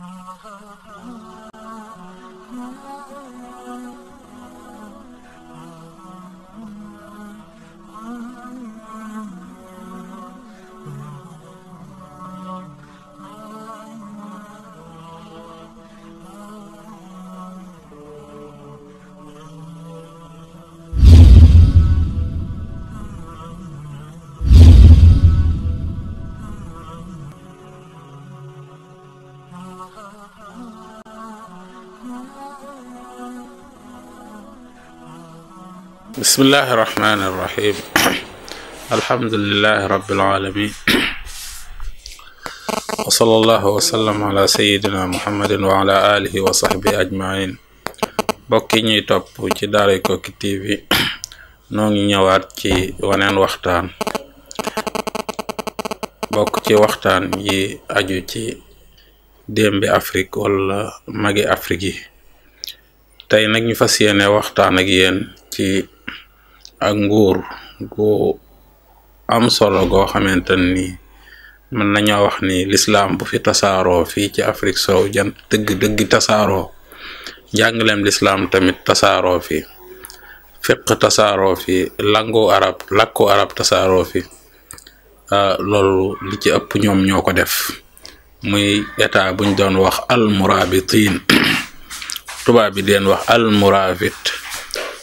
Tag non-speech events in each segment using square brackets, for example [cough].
Ah, ah, ah, ah, ah, ah, ah. بسم الله الرحمن الرحيم الحمد لله رب العالمين وصلى الله وسلم على سيدنا محمد وعلى آله وصحبه أجمعين bokki ñuy topp ci Daaray Koki TV noo ngi ñëwaat ci waneen waxtaan bokk ci waxtaan yi aju ci démbi Afrique wala magi Afrique yi tey nag ñu fas yéene waxtaan ak yéen ci ak nguur gu am solo goo xamante ni mën nañoo wax ni lislaam bu fi tasaaroo fii ci Afrique soow jant dëgg dëgg tasaaroo njàngaleem lislaam tamit fi fiq tasaaroo fi langu arab làkku arab tasaaroo fi ah, loolu li ci ëpp ñoom ñoo ko def muy état buñ doon wax almurabitin [clears throat] tubaab bi deen wax almurabit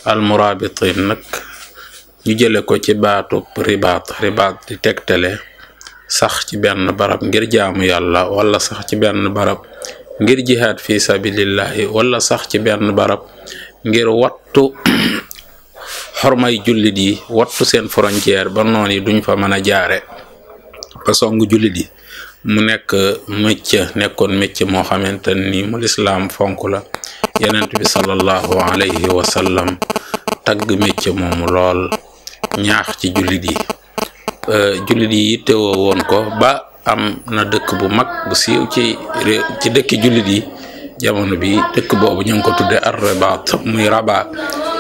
almurabitin nag ñu jële ko ci baatu ribaat ribaat di tegtale sax ci benn barab ngir jaamu yàlla wala sax ci benn barab ngir jihaad fi sabilillahi wala sax ci benn barab ngir wattu [clears throat] xormay jullit yi wattu seen frontière ba noon yi duñ fa mën a jaare ba song jullit yi mu nekk mëcc nekkoon mëcc moo xamante ni mu lislaam fonk la yenent bi sallallahu alayhi wa tagg mëcc moomu lool ñaax ci jullit yi euh, jullit yi yittewoo woon ko ba am na dëkk bu mag bu siiw ci dëkki jullit yi jamono bi dëkk boobu ñu ngi ko tudde ar rabat muy rabat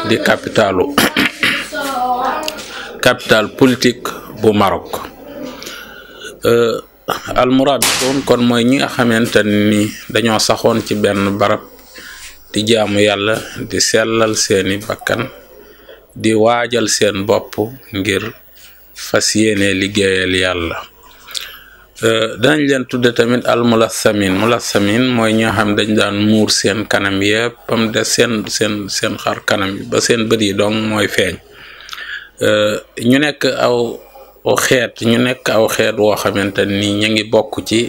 di capitalu [coughs] capital politique bu Maroc euh, almuraabituun kon mooy ñi nga xamante ni dañoo saxoon ci benn barab di jaamu yàlla di sellal seeni bakkan di waajal seen bopp ngir fas yéene liggéeyal yàlla euh, danañ leen tudde tamit almulasamin mulasamin mooy ñoo xam dañ daan muur seen kanam yëpp bam de seen seen xar kanam ba seen bët yi dong mooy feeñ euh, ñu nekk aw o xeet ñu nekk aw xeet woo xamante ni ñu ngi bokk ci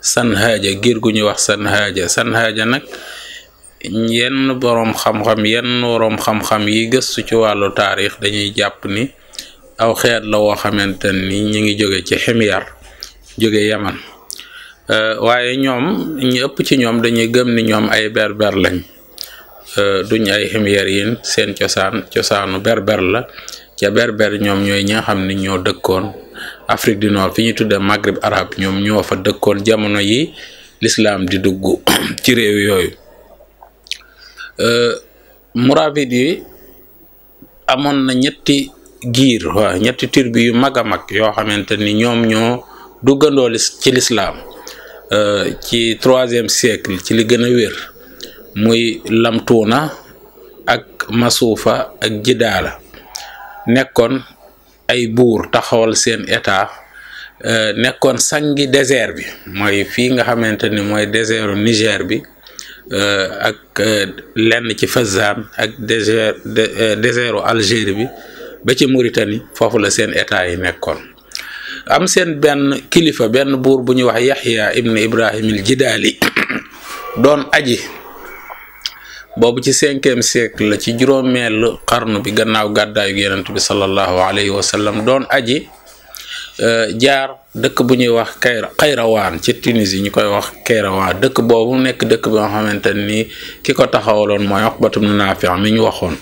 san sanhaaja giir gu ñu wax sanhaaja sanhaaja nag yenn boroom xam-xam yenn boroom xam-xam yi gëstu ci wàllu taarix dañuy jàpp ni aw xeet la woo xamante ni ñu ngi jóge ci ximyar jóge yaman euh, waaye ñoom ñi ëpp ci ñoom dañuy gëm ni ñoom ay berber lañ euh, duñ ay ximyar yin seen cosaan cosaanu berber la ca berber ñoom ñooy ñi nga xam ne ñoo dëkkoon Afrique du Nord fi ñu tuddee Maghreb arab ñoom ñoo fa dëkkoon jamono yi lislaam di dugg [coughs] ci réew yooyu euh, muraabit yi amoon na ñetti giir waaw ñetti turbi yu mag a mag yoo xamante ni ñoom ñoo duggandoo ci lislaam euh, ci troisième siècle ci li gën a wér muy lamtu na ak masuufa ak jidaala nekkoon ay buur taxawal seen état euh, nekkoon sangi désert bi mooy fii nga xamante ni mooy désertu Niger bi euh, ak euh, lenn ci Fazzan ak désert désertu bi ba ci Mauritanie foofu la seen état yi nekkoon am seen benn kilifa benn buur bu ñuy wax Yaxya ibn Ibrahim Jidaali [coughs] doon aji boobu ci cinquième siècle la ci juróomeel xarnu bi gannaaw gàddaayu yonent bi sallallahu alayhi wa sallam doon aji euh, jaar dëkk bu ñuy wax Kayra Kayrawaan ci Tunisie ñu koy wax Kayrawaan dëkk boobu nekk dëkk bi nga xamante ni ki ko taxawaloon mooy Uqbatu bnu mi ñu waxoon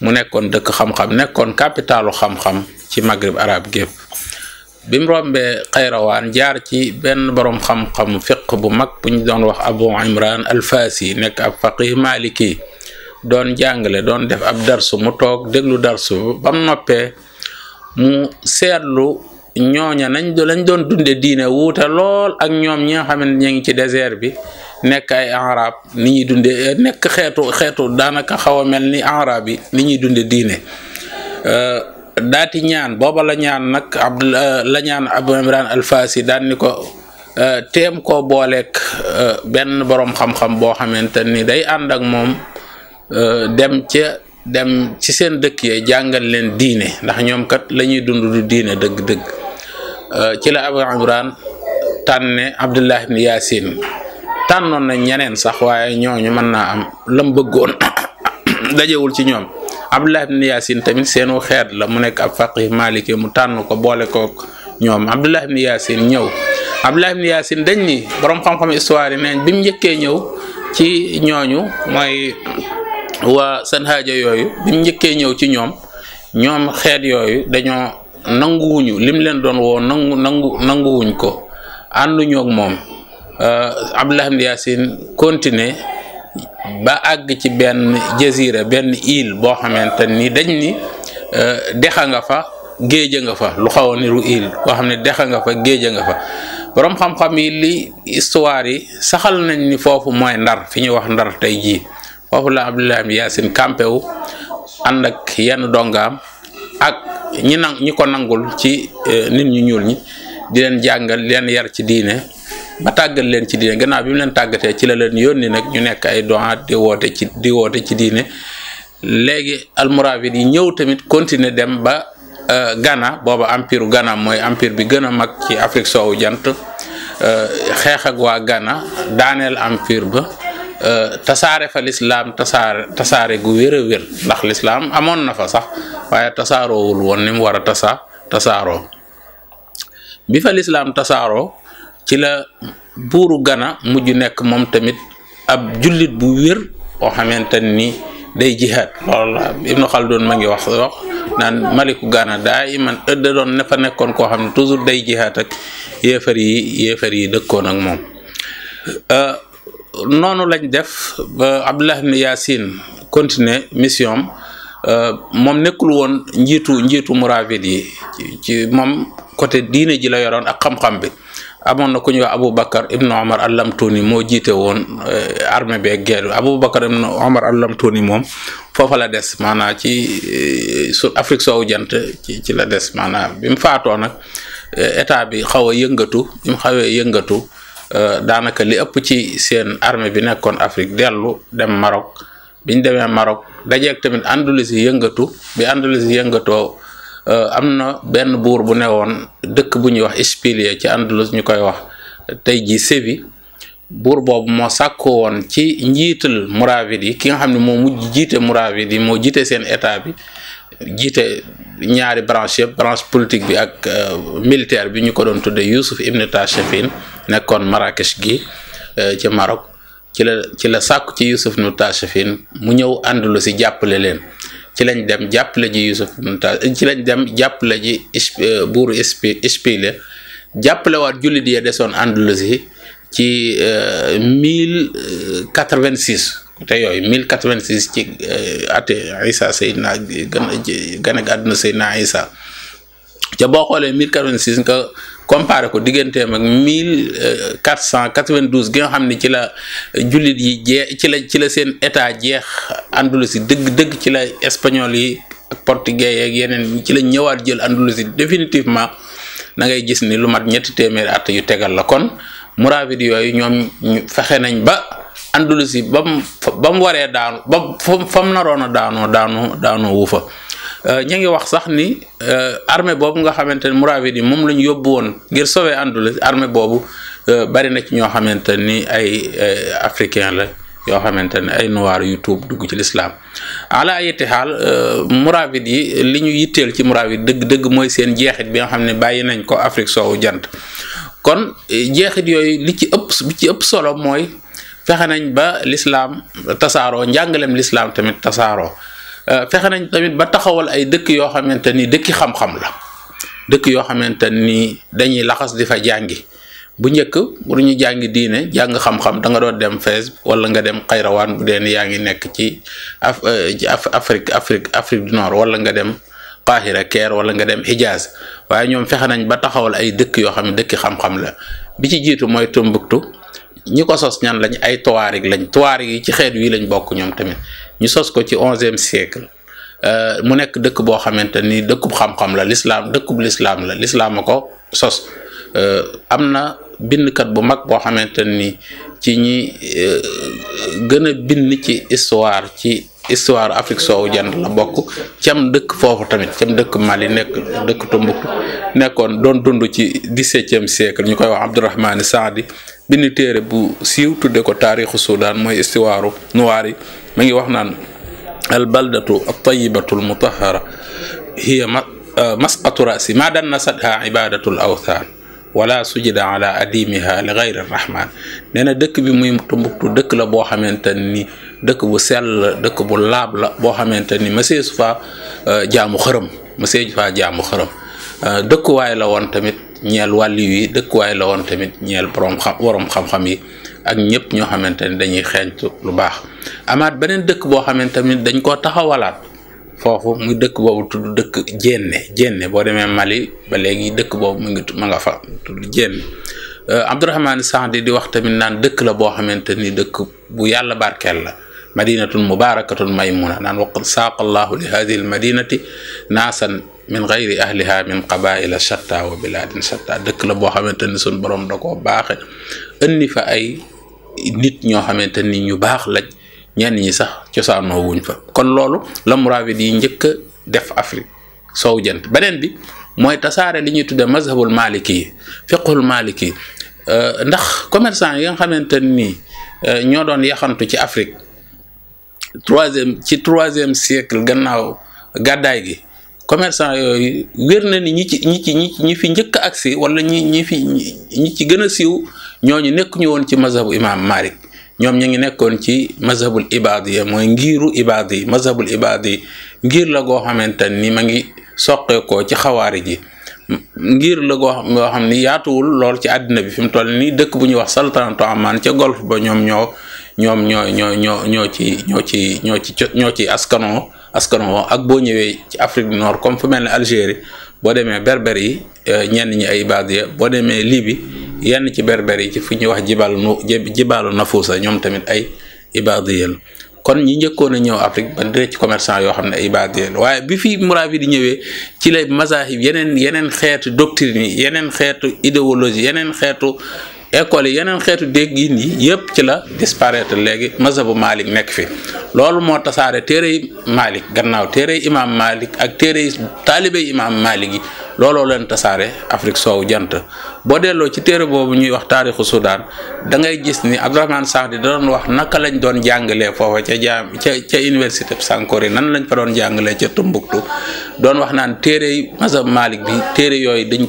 mu nekkoon dëkk xam-xam nekkoon capitalu xam-xam ci Maghrib arab gépp bi rombee Kayrawaan jaar ci benn boroom xam-xam fiq bu mag bu doon wax abu imran alfaasi nekk ab faqih maliki doon jàngale doon def ab darsu mu toog déglu darsu bam noppee mu seetlu ñooña nañ lañ doon dunde diine wuute lool ak ñoom ñi nga xam ne ngi ci désert bi nekk ay arab ni ñuy dunde nekk xeetu xeetu daanaka xaw a mel ni arab yi ni ñuy dunde diine daati ñaan booba la ñaan abu imran alfaasi daan ni Euh, teem ko booleek euh, benn boroom xam-xam boo xamante ni day ànd ak moom euh, dem ca dem ci seen dëkk ye jàngal leen diine ndax ñoom kat lañuy ñuy dund du diine dëgg-dëgg ci la Abu Imran tànne Abdullah ibn Yasin tànnoon na ñeneen sax waaye ñooñu mën naa am lam bëggoon [coughs] dajewul ci ñoom Abdullah ibn Yasin tamit seenu xeet la mu nekk ab faqih maliki mu tànn ko boole kook ñoom Abdullah ibn Yasin ñëw Abdullah ibn Yaasin dañ ni borom xam-xam histoire yi neen bi njëkkee ñëw ci ñooñu mooy waa sanhaaja yooyu bi njëkkee ñëw ci ñoom ñoom xeet yooyu dañoo nanguwuñu lim leen doon woo nangu nangu nanguwuñ ko ànduñu ak moom euh, Abdullah ibn Yaasin continuer ba àgg ci benn jazira benn île boo xamante ni dañ ni euh, dexa nga fa géej nga fa lu xaw a ru île boo xam ne dex nga fa géej nga fa borom xam-xam yi li histoire yi saxal nañ ni foofu mooy ndar fi ñuy wax ndar tey jii foofu la Abdoulaye Yacine campé wu ànd ak yenn dongaam ak ñi nang ñi ko nangul ci eh, nit ñu ñuul ñi di leen jàngal leen yar ci diine ba tàggal leen ci diine gannaaw bi leen tàggatee ci la leen yónni nag ñu nekk ay doxaat di woote ci di ci diine léegi almoravid yi ñëw tamit continuer dem ba. Euh, Ghana booba empire Ghana mooy empire bi gën a mag ci Afrique soowu jant euh, xeex ak waa Ghana daaneel empire ba euh, tasaare fa lislaam tasaare gu wér a ndax lislaam amoon na fa sax waaye tasaaroowul woon ni mu war a tasa tasaaroo bi fa lislaam tasaaroo ci la buuru gana mujj nekk moom tamit ab jullit bu wér boo xamante ni day jihaad loolu Ibnu Xaldun ma ngi wax wax naan maliku gaana daa iman ëdda doon ne nekkoon koo xam ne toujours day jihaat ak yéefar yi yéefar yi dëkkoon ak moom euh, noonu lañ def ba Abdullah ibn Yasin continuer mission euh, moom nekkul woon njiitu njiitu muravid yi ci moom côté diine jila yoroon ak xam-xam bi amoon na ku ñuy wax Aboubacar ibnu Omar al-Lamtouni moo jiite woon eh, armée beeg guerre bi Aboubacar ibnu Omar al-Lamtouni moom foofa la des maanaam ci eh, su Afrique soowu jant ci ci la des maanaam bi mu faatoo nag eh, état bi xaw a yëngatu bi mu xawee yëngatu daanaka li ëpp ci seen armée bi nekkoon Afrique dellu dem Maroc biñ demee Maroc dajeeg tamit Andalousie yëngatu bi Andalousie yëngatoo. Euh, am na benn buur bu newoon dëkk bu ñuy wax Ispilia ci Andalus ñu koy wax tey jii Sébi buur boobu moo sàkkoo woon ci njiital Moravide yi ki nga xam ne moo mujj jiite Moravide yi moo jiite seen état bi jiite ñaari branche yëpp branche politique bi ak euh, militaire bi ñu ko doon tuddee Youssouf Ibn Tachfine nekkoon Marrakech gi euh, ci Maroc ci la ci la sàkku ci Youssouf mu ñëw si jàppale leen ci lañ dem jàpp la ji Yusuf Mumtaz ci lañ dem jàppale la ji euh, buuru Ispile jàpp la waat jullit ya desoon Andalousie ci euh, mille quatre vingt six te yooyu mille quatre vingt six ci euh, ate Isa Seydina gën a gën a àdduna Seydina Isa ca boo xoolee mille quatre vingt six comparé ko digganteem ak mille euh, quatre cent quatre-vingt-douze gi nga xam ne ci la euh, jullit yi jee ci la ci la seen état jeex Andalousie dëgg-dëgg ci la espagnol yi ak portugais yeeg yeneen ci la ñëwaat jël Andalousie définitivement da ngay gis ni lu mat ñetti téeméeri at yu tegal la kon Moravide yooyu ñoom fexe nañ ba Andalousie ba mu ba mu waree daanu ba fa mu naroon a daanoo daanoo daanoo wu fa. Euh, ña ngi wax sax ni euh, armee boobu nga xamante ni yi moom la ñu yóbbu woon ngir sauver àndul armée boobu euh, bari na ci ñoo xamante ni ay africain la yoo xamante ne ay noir yu tuub dugg ci lislaam ala ayati xaal Mouravide yi li ñu yitteel ci Mouravide dëgg dëgg mooy seen jeexit bi nga xam ne bàyyi nañ ko Afrique soowu jant kon jeexit yooyu li ci ëpp ci ëpp solo mooy fexe nañ ba lislaam tasaaroo njàngaleem lislaam tamit tasaaroo Euh, fexe nañ tamit ba taxawal ay dëkk yoo xamante ni dëkki xam-xam la dëkk yoo xamante ni dañuy laxas di fa jàngi bu njëkk bu ñu jàngi diine jàng xam-xam da nga doon dem Fès wala nga dem Xayrawaan bu dee ni yaa ngi nekk euh, ci af Afrique Afrique Afrique du Nord wala nga dem Qahira Caire wala nga dem Hijaz waaye ñoom fexe nañ ba taxawal ay dëkk yoo xam ne dëkki xam-xam la bi ci jiitu mooy Tombouctou ñi ko sos ñan lañu ay tuwaarig lañ tuwaarig yi ci xeet wii lañ bokk ñoom tamit ñu sos ko ci onzième siècle euh, mu nekk dëkk boo xamante nii dëkkub xam la lislaam dëkkub lislaam la lislaam ko sos euh, am na bindkat bu mag boo xamante ni ci ñi euh, gën a bind ci histoire ci histoire Afrique soowu jant la bokk cam dëkk foofu tamit cam dëkk Mali nekk dëkk Tombouctou nekkoon doon dund ci dix-septième siècle ñu koy wax Abdourahmane Saadi bind téere bu siiw tudde ko taarixu Soudan mooy istiwaaru nuwaar yi ma ngi wax naan al baldatu al tayibatu ma danna sadha ibadatu l wala sujida ala adimiha li gayri rahman nee na dëkk bi muy Tumbuktu dëkk la boo xamante ni dëkk bu sell la dëkk bu laab la boo xamante ni mësee su fa ah, jaamu xërëm mësee su fa jaamu ah, la woon tamit ñeel wàlli yi dëkkuwaay la woon tamit ñeel borom xam borom xam-xam yi ak ñëpp ñoo xamante ne dañuy xeeñtu lu baax amaat beneen dëkk boo xamante tamit dañ koo taxawalaat foofu muy dëkk boobu tudd dëkk Jénne Jénne boo demee Mali ba léegi dëkk boobu mu ngi ma nga fa tudd Jénne euh, Abdourahmane Saadi di wax tamit naan dëkk la boo xamante ni dëkk bu yàlla barkeel la madinatun mubarakatun maymuna naan waqad saaqallahu li hadihi al madinati naasan min gayri ahliha min qabaila shatta wa biladin shatta dëkk la boo xamante ni suñ borom da koo baaxe indi fa ay nit ñoo xamante ni ñu baax lañ ñenn ñi sax cosaanoo wuñ fa kon loolu la muraabit yi njëkk a def Afrique sow jant beneen bi mooy tasaare li ñuy tuddee mazhabul maliki yi fiqhul maliki yi euh, ndax commerçant yi nga xamante ni euh, ñoo doon yaxantu ci Afrique troisième ci troisième siècle gannaaw gàddaay gi commerçant yooyu wér na ni ñi ci ñi ci ñi fi njëkk agsi wala ñi ñi fi ñi ci gën a siiw ñooñu nekkuñu woon ci mazhabu imam malik ñoom ñu ngi nekkoon ci mazhabul ibaadi ya mooy ngiiru ibaadi mazhabul ibaadi ngir la goo xamante ni ma ngi soqeekoo ci xawaari ji ngir la goo goo xam ni yaatuwul lool ci àddina bi fi mu toll nii dëkk bu ñuy wax saltanatu amaan ca golf ba ñoom ñoo ñoom ñoo ñoo ñoo ñoo ci ñoo ci ñoo ci ñoo ci askanoo askan woo ak boo ñëwee ci Afrique du Nord comme fu mel ne Algérie boo demee berber yi euh, ñenn ñi ay Badia boo demee Libye yenn ci berber yi ci fu ñuy wax jibaalu nu jibaalu nafuusa ñoom tamit ay ibadiyel kon ñi njëkkoon a ñëw Afrique ba direct ci commerçant yoo xam ne ay ibadiyel waaye bi fi Mouraabi di ñëwee ci lay mazahib yeneen yeneen xeetu doctrine yi yeneen xeetu idéologie yeneen xeetu école yi yeneen xeetu déggin yi yëpp ci la disparaître léegi bu Malik nekk fi loolu moo tasaare téere yi Malik gannaaw téere yi imaam Malik ak téere yi taalibe imaam Malik yi looloo leen tasaare Afrique soowu jant boo delloo ci téere boobu ñuy wax taarixu Soudan da ngay gis ni Abdourahmane Saadi da doon wax naka lañ doon jàngalee foofa ca jaam ca ca université Sankore nan lañ fa doon jàngalee ca Tumbuktu doon wax naan téere yi mazhab Malik téere yooyu dañ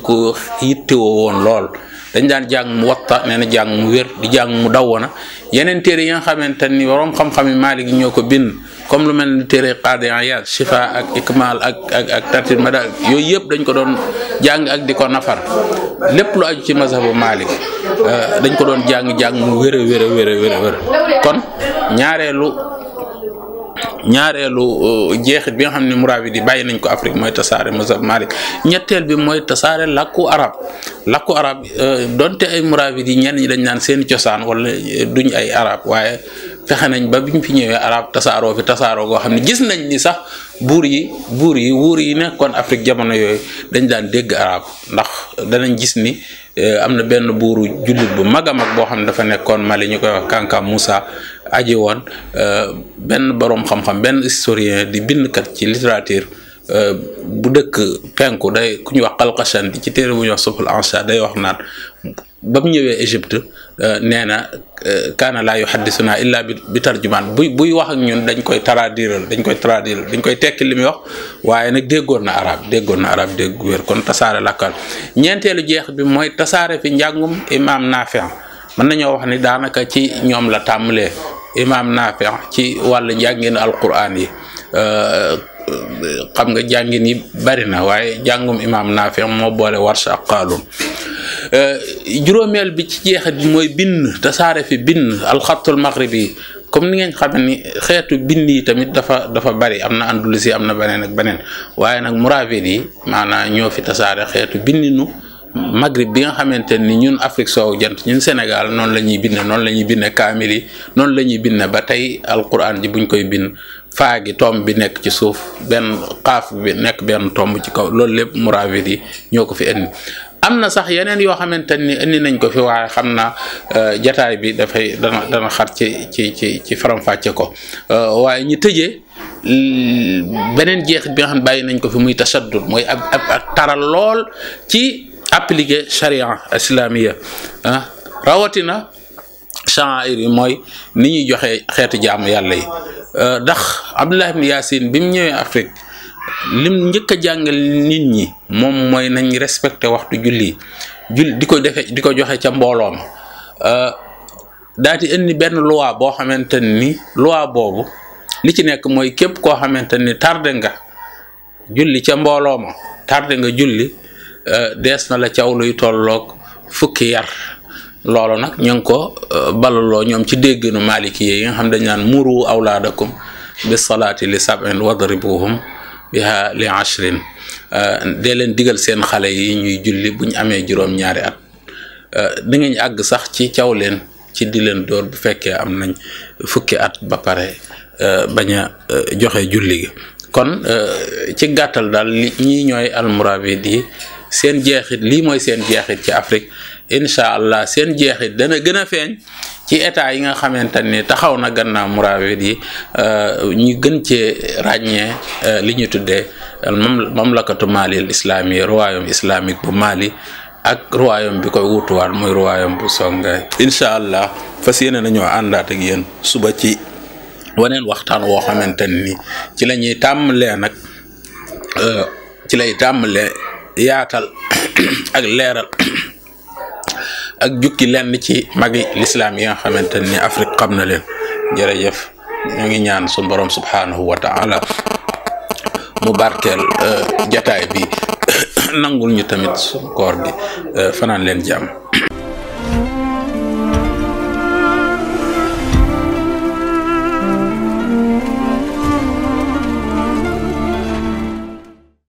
dañ daan jàng mu watta nee na jàng mu wér di jàng mu dawwana yeneen téere yi nga xamante ni borom xam-xam yi Maalik ñoo ko bind comme lu mel ni téere Qaadi Iyaad Shifa ak Ikmaal ak ak ak Tartil Madaar yooyu yëpp dañ ko doon jàng ak di ko nafar lépp lu aju ci mazhabu Maalik euh, dañ ko doon jàng jàng mu wér a wér kon ñaareelu. ñaareelu euh, jeexit bi nga xam ne muraabi di bàyyi nañ ko Afrique mooy tasaare mazhab Malik ñetteel bi mooy tasaare làkku arab làkku arab euh, donte ay muraabi di ñenn ñi dañ naan seen cosaan wala euh, duñ ay arab waaye fexe nañ ba biñ fi ñëwee arab tasaaroo fi tasaaroo goo xam ne gis nañ ni sax buur yi buur yi wuur yi kon Afrique jamono yooyu dañ daan dégg arab ndax danañ gis ni. Eh, am na benn buuru jullit bu mag a mag boo xam ne dafa nekkoon Mali ñu koy wax Kanka Moussa aji woon eh, benn boroom xam-xam benn historien di bindkat ci littérature eh, bu dëkk penku day ku ñuy wax Qalqashandi ci téere bu wax Subul Ansa day wax naan ba mu ñëwee Égypte euh, nee na euh, kaana laa yu xaddisuna illaa bi bi tarjumaan buy buy wax ak ñun dañ koy traduiral dañ koy traduiral dañ koy tekki li muy wax waaye nag déggoon na arab déggoon na arab dégg kon tasaare lakkal ñeenteelu jeex bi mooy tasaare fi njàngum imaam Naafi mën nañoo wax ni daanaka ci ñoom la tàmmalee imaam Naafi ci wàllu njàngin alquran yi euh, xam nga jàngin yi bari na waaye jàngum imaam Naafi moo boole warsh ak qaaluun Euh, juróomeel bi ci jeexit bi mooy bind tasaare fi bind alxatul maghribi comme ni ngeen xamee ni xeetu bind yi tamit dafa dafa bari am na andalusi am na beneen ak beneen waaye nag muravid yi maanaam ñoo fi tasaare xeetu bindinu Maghrib bi nga xamante ni ñun Afrique soow jant ñun Sénégal noonu la ñuy bind noonu la ñuy bind kaamil yi noonu la ñuy bind ba tey alquran ji buñ koy bind faagi gi tomb bi nekk ci suuf benn xaaf bi nekk benn tomb ci kaw loolu lépp muravid yi ñoo ko fi am na sax yeneen yoo xamante ni indi nañ ko fi waaye xam naa euh, jataay bi dafay dana dana xar ci ci ci faram-fàcce ko euh, waaye ñu tëjee beneen jeex bi nga xam ne bàyyi nañ ko fi muy tasaddud mooy ab ab taral lool ci appliquer charia islamiya ah rawatina sha'air yi mooy ni ñuy joxe xeetu jaamu yàlla euh, ñëwee Afrique. lim njëkk a jàngal nit ñi moom mooy nañ respecté waxtu julli jul di ko defee di ko joxe ca mbooloo ma euh, daa di indi benn loi boo xamante ni loi boobu li ci nekk mooy képp koo xamante ni tardé nga julli ca mbooloo ma tardé nga julli euh, dees na la caw luy tollook fukki yar looloo nag ñu ngi ko euh, balaloo ñoom ci dégginu maaliki yi nga xam dañ naan muru awlaadakum bi salaati li sab'in wadribuhum biha li ashrin euh, dee leen digal seen xale yi ñuy julli buñ amee juróom-ñaari at euh, da ngeen àgg sax ci caw leen ci di leen door bu fekkee am nañ fukki at ba pare euh, bañ a joxe julli gi kon ci gàttal daal li ñii ñooy almurabit yi seen jeexit lii mooy seen jeexit ci Afrique incha allah seen jeexit dana gën a feeñ ci état yi nga xamante ni taxaw na gannaaw Mouravid yi euh, ñu gën cee ràññee euh, li ñu tuddee euh, mamlakatu Mali al islami royaume islamique bu Mali ak royaume bi koy wutuwaat muy royaume bu Songaay. incha allah fas yéene nañoo àndaat ak yéen suba ci waneen waxtaan woo xamante ni ci la ñuy tàmmalee nag ci lay tàmmalee yaatal [coughs] ak leeral. ak jukki lenn ci magi lislaam yi nga xamante ni Afrique xam na leen jërëjëf ñu ngi ñaan su borom subhaanahu wa taala mu barkeel euh, jataay bi [coughs] nangul ñu tamit suñu koor gi euh, fanaan leen jàmm [coughs]